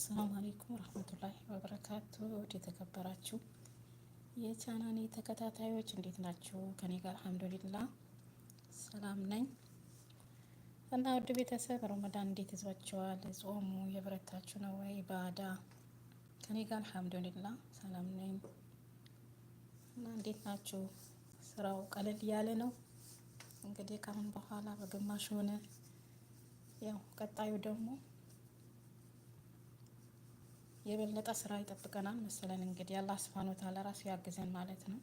አሰላሙ አሌይኩም ረህመቱላሂ ወበረካቱ። የተከበራችሁ የቻናኔ ተከታታዮች እንዴት ናችሁ? ከኔ ጋር አልሐምዱሊላ ሰላም ነኝ። እና ውድ ቤተሰብ ረመዳን እንዴት ይዟቸዋል? ጾሙ የበረታችሁ ነው ወይ? ባዳ ከኔ ጋር አልሐምዱሊላ ሰላም ነኝ። እና እንዴት ናችሁ? ስራው ቀለል ያለ ነው እንግዲህ ከአሁን በኋላ በግማሽ ሆነ። ያው ቀጣዩ ደግሞ የበለጠ ስራ ይጠብቀናል መሰለን። እንግዲህ አላህ ሱብሓነሁ ወተዓላ ራሱ ያግዘን ማለት ነው።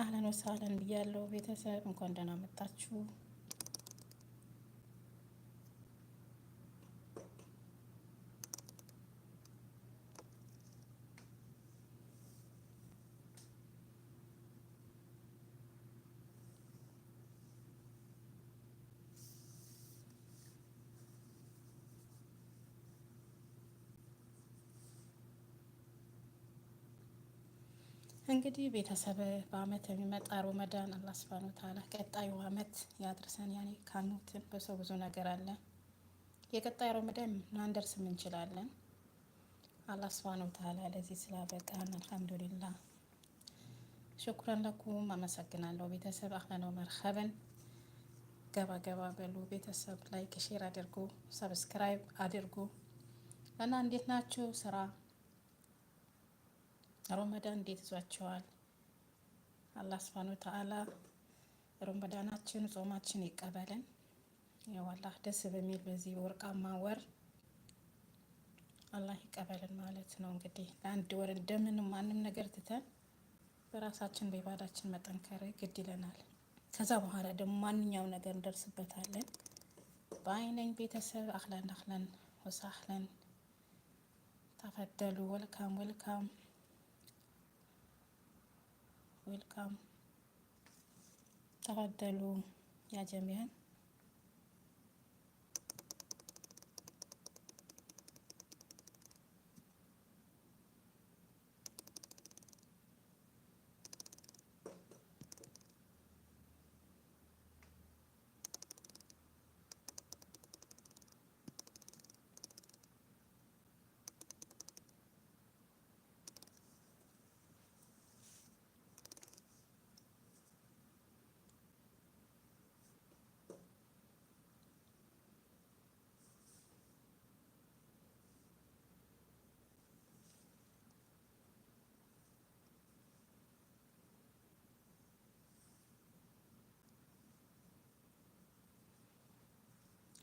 አህለን ወሳህለን ብያለው ቤተሰብ፣ እንኳን ደህና መጣችሁ። እንግዲህ ቤተሰብ በአመት የሚመጣ ሮመዳን አላህ ሱብሃነሁ ወተዓላ ቀጣዩ አመት ያድርሰን። ያኔ ካኑትን በሰው ብዙ ነገር አለ። የቀጣይ ሮመዳን ላንደርስም እንችላለን። አላህ ሱብሃነሁ ወተዓላ ለዚህ ስላበቃን አልሐምዱሊላህ። ሽኩረን ለኩም አመሰግናለሁ ቤተሰብ። አህለነው መርከብን ገባ ገባ በሉ ቤተሰብ። ላይክ ሼር አድርጉ፣ ሰብስክራይብ አድርጉ እና እንዴት ናችሁ ስራ ረመዳን እንዴት ይዟቸዋል? አላህ ስብሃነ ወተዓላ ረመዳናችን ጾማችን ይቀበልን። ያው አላህ ደስ በሚል በዚህ ወርቃማ ወር አላህ ይቀበልን ማለት ነው። እንግዲህ ለአንድ ወር እንደምንም ማንም ነገር ትተን በራሳችን በኢባዳችን መጠንከር ግድ ይለናል። ከዛ በኋላ ደግሞ ማንኛውም ነገር እንደርስበታለን። በአይነኝ ቤተሰብ አህለን አህላን ወሳህላን ተፈደሉ ወልካም ወልካም ዌልካም ተፈደሉ ያጀሚያን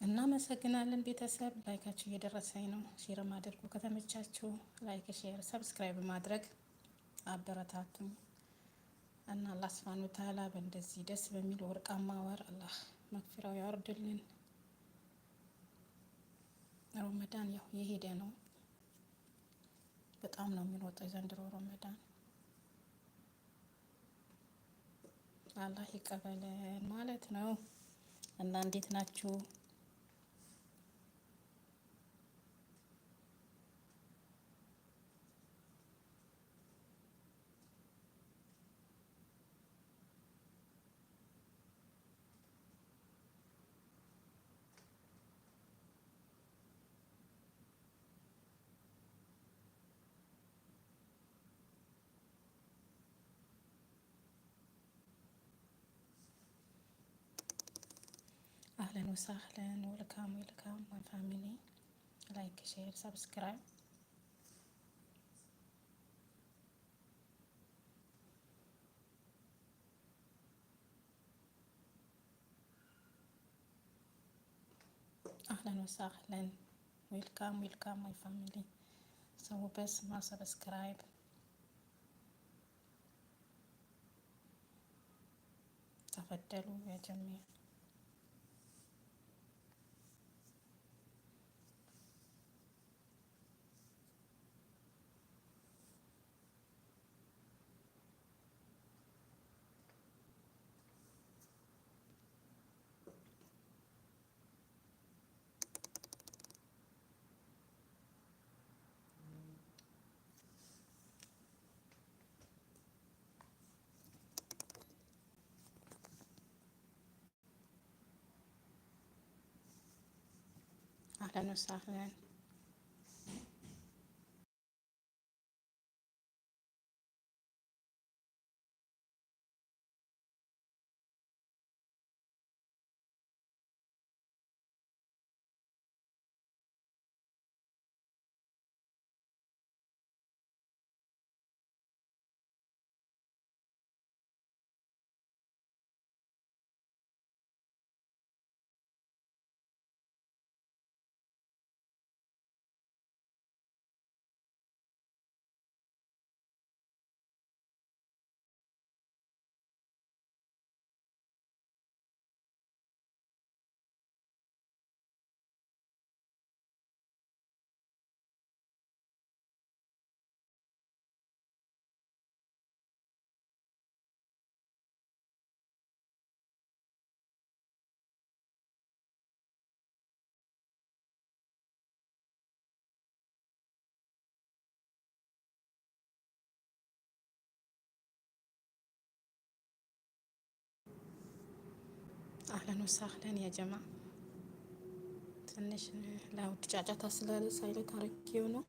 እናመሰግናለን ቤተሰብ። ላይካችሁ እየደረሰኝ ነው። ሼር ማድረጉ ከተመቻችሁ ላይክ፣ ሼር፣ ሰብስክራይብ ማድረግ አበረታቱኝ እና አላህ ሱብሃነሁ ወተዓላ በእንደዚህ ደስ በሚል ወርቃማ ወር አላህ መግፊራው ያወርድልን። ረመዳን ያው የሄደ ነው። በጣም ነው የሚሮጠው ዘንድሮ ረመዳን። አላህ ይቀበለን ማለት ነው እና እንዴት ናችሁ? اهلا وسهلا ولكم ولكم ماي فاميلي لايك شير سبسكرايب اهلا وسهلا ويلكم ويلكم ماي فاميلي سو بس ما سبسكرايب تفضلوا يا جميع أهلا وسهلا ሳህለን ያጀማ ትንሽ ላውድ ጫጫታ ስላለ ሳይለት አርጌው ነው።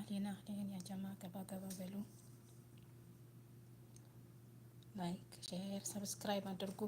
አህሌን አህሌን ያጀማ ገባ ገባ በሉ። ላይክ ሼር ሰብስክራይብ አድርጉ።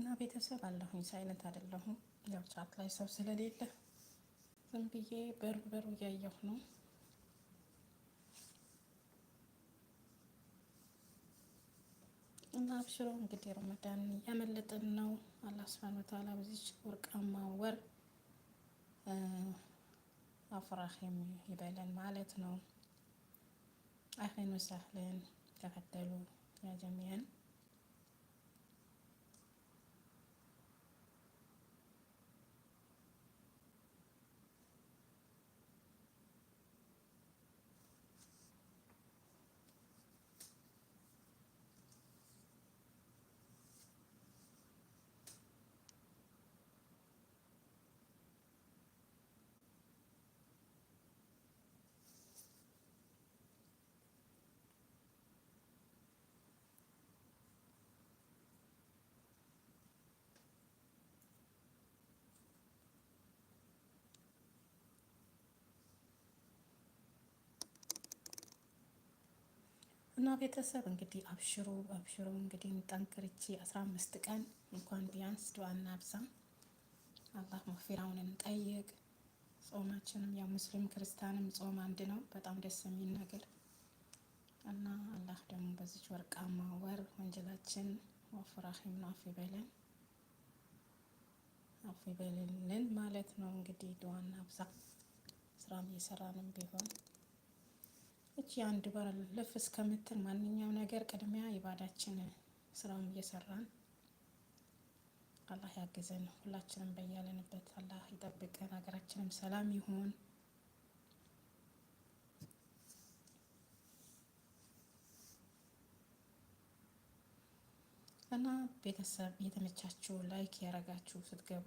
እና ቤተሰብ አለሁኝ ሳይነት አይደለሁም። ያው ጫት ላይ ሰው ስለሌለ ዝም ብዬ በሩ በሩ እያየሁ ነው። እና አብሽሮ እንግዲህ ረመዳን እያመለጠን ነው። አላህ ስብሃነ ወተዓላ በዚች ወርቃማ ወር አፍራሂም ይበለን ማለት ነው። አህለን ወሳህለን ተፈደሉ ያጀሚያን እና ቤተሰብ እንግዲህ አብሽሮ አብሽሮ እንግዲህ እንጠንክርቼ አስራ አምስት ቀን እንኳን ቢያንስ ድዋ እናብዛ። አላህ መግፊራውን እንጠይቅ። ጾማችንም ያው ሙስሊም ክርስቲያንም ጾም አንድ ነው። በጣም ደስ የሚል ነገር እና አላህ ደግሞ በዚች ወርቃማ ወር ወንጀላችን ወፍራሂም አፍ ይበለን አፍ ማለት ነው። እንግዲህ ድዋ እናብዛ። ስራም እየሰራንም ቢሆን እቺ አንድ ባር ልፍስ እስከምትል ማንኛውም ነገር ቅድሚያ ይባዳችን ስራውን እየሰራን አላህ ያግዘን። ሁላችንም በያለንበት አላህ ይጠብቀን። ሀገራችንም ሰላም ይሁን። እና ቤተሰብ የተመቻችሁ ላይክ ያረጋችሁ ስትገቡ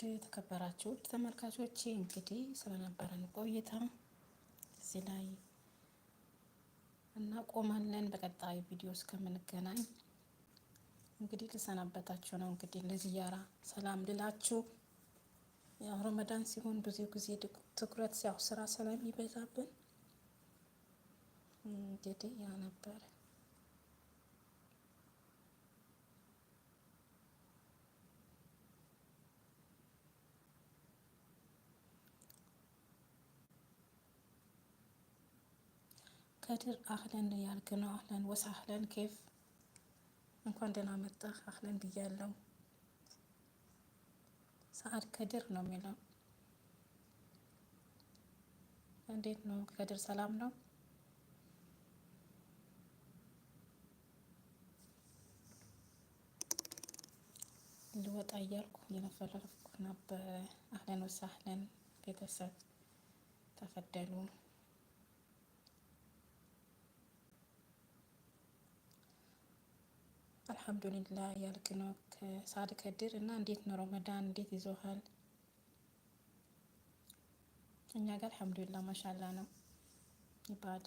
ውድ የተከበራችሁ ተመልካቾች እንግዲህ ስለነበረን ቆይታ እዚህ ላይ እናቆማለን። በቀጣይ ቪዲዮ እስከምንገናኝ እንግዲህ ልሰናበታችሁ ነው። እንግዲህ ለዚያራ ሰላም ልላችሁ ያው ረመዳን ሲሆን ብዙ ጊዜ ትኩረት ያው ስራ ስለሚበዛብን እንግዲህ ያ ነበር። ከድር አህለን ያልክ ነው። አህለን ወሳህለን ኬፍ እንኳን ደህና መጣህ አህለን ብያለው። ሰአድ ከድር ነው የሚለው እንዴት ነው ከድር? ሰላም ነው? ልወጣ እያልኩ እየነፈለኩ ነበር። አህለን ወሳህለን ቤተሰብ ተፈደሉ። አልሐምዱሊላ ያልክ ነው ሳድ ከድር እና እንዴት ነው ረመዳን እንዴት ይዞሃል? እኛ ጋር አልሐምዱሊላ ማሻላ ነው። ኢባዳ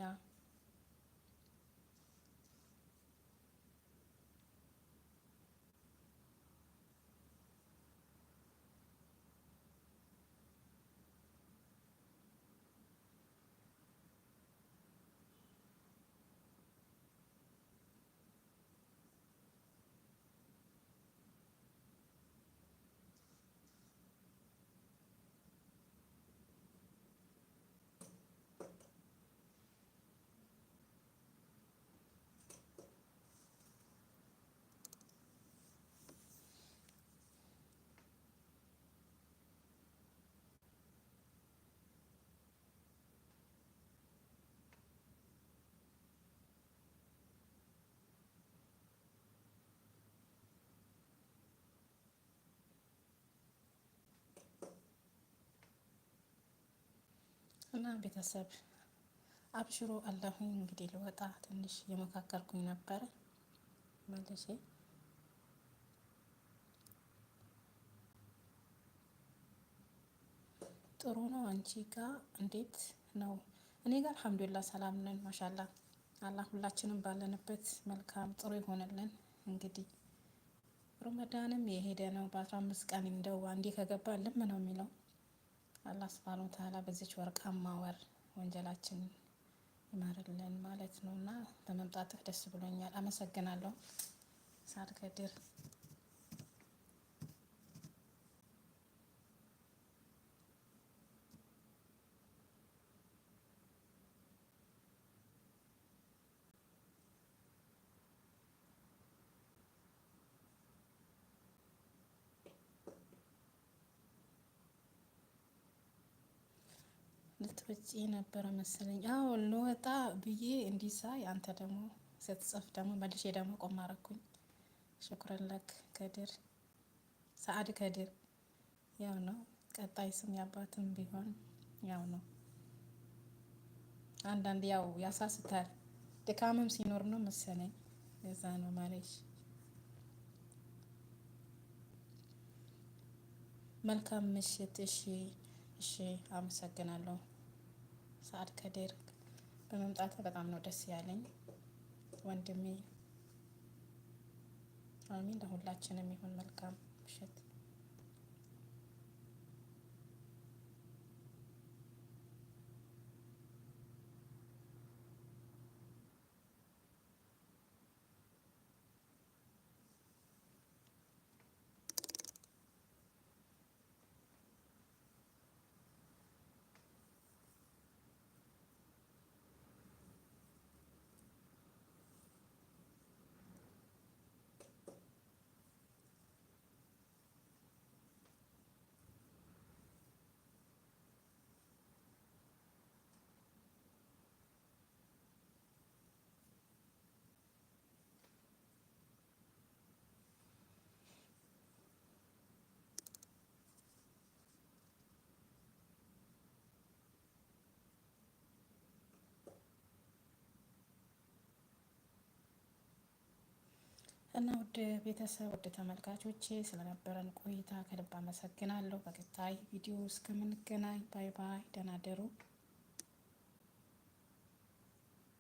እና ቤተሰብ አብሽሮ አለሁኝ። እንግዲህ ልወጣ ትንሽ የመካከልኩኝ ነበረ መልሼ ጥሩ ነው። አንቺ ጋ እንዴት ነው? እኔ ጋር አልሐምዱሊላ ሰላም ነን። ማሻላ አላህ ሁላችንም ባለንበት መልካም ጥሩ ይሆንልን። እንግዲህ ሮመዳንም የሄደ ነው። በአስራ አምስት ቀን እንደው አንዴ ከገባ ልም ነው የሚለው አላህ ስብሃነ ወተዓላ በዚች ወርቃማ ወር ወንጀላችን ይማርልን ማለት ነው እና በመምጣትህ ደስ ብሎኛል። አመሰግናለሁ ሳልከድር ልትወጪ ነበረ መሰለኝ። አዎ ልወጣ ብዬ እንዲሳይ አንተ ደግሞ ስትጽፍ ደግሞ መልሼ ደግሞ ቆም አደረኩኝ። ሽኩረላክ ከድር ሰአድ ከድር ያው ነው። ቀጣይ ስም ያባትም ቢሆን ያው ነው። አንዳንድ ያው ያሳስታል። ድካምም ሲኖር ነው መሰለኝ የዛ ነው ማለሽ። መልካም ምሽት። እሺ፣ እሺ፣ አመሰግናለሁ። ሰዓት ከዴር በመምጣት በጣም ነው ደስ ያለኝ። ወንድሜ አሚን ለሁላችንም ይሁን። መልካም ምሽት እና ውድ ቤተሰብ ውድ ተመልካቾቼ ስለነበረን ቆይታ ከልብ አመሰግናለሁ። በቀጣይ ቪዲዮ እስከምንገናኝ ባይ ባይ፣ ደህና ደሩ።